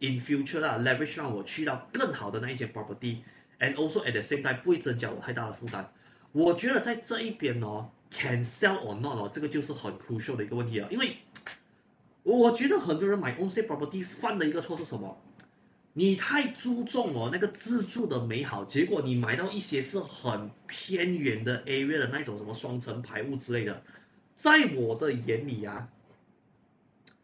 In future leverage 讓我去到更好的那一些 property，and also at the same time 不會增加我太大的負擔。我覺得在這一邊咯哦，can sell or not 哦，這個就是很 crucial 的一個問題啊哦。因為我覺得很多人買 own stay property 犯的一個錯是什麼？你太注重哦那個自住的美好，結果你買到一些是很偏遠的 area 的那種什麼雙層排屋之類的，在我的眼裏啊。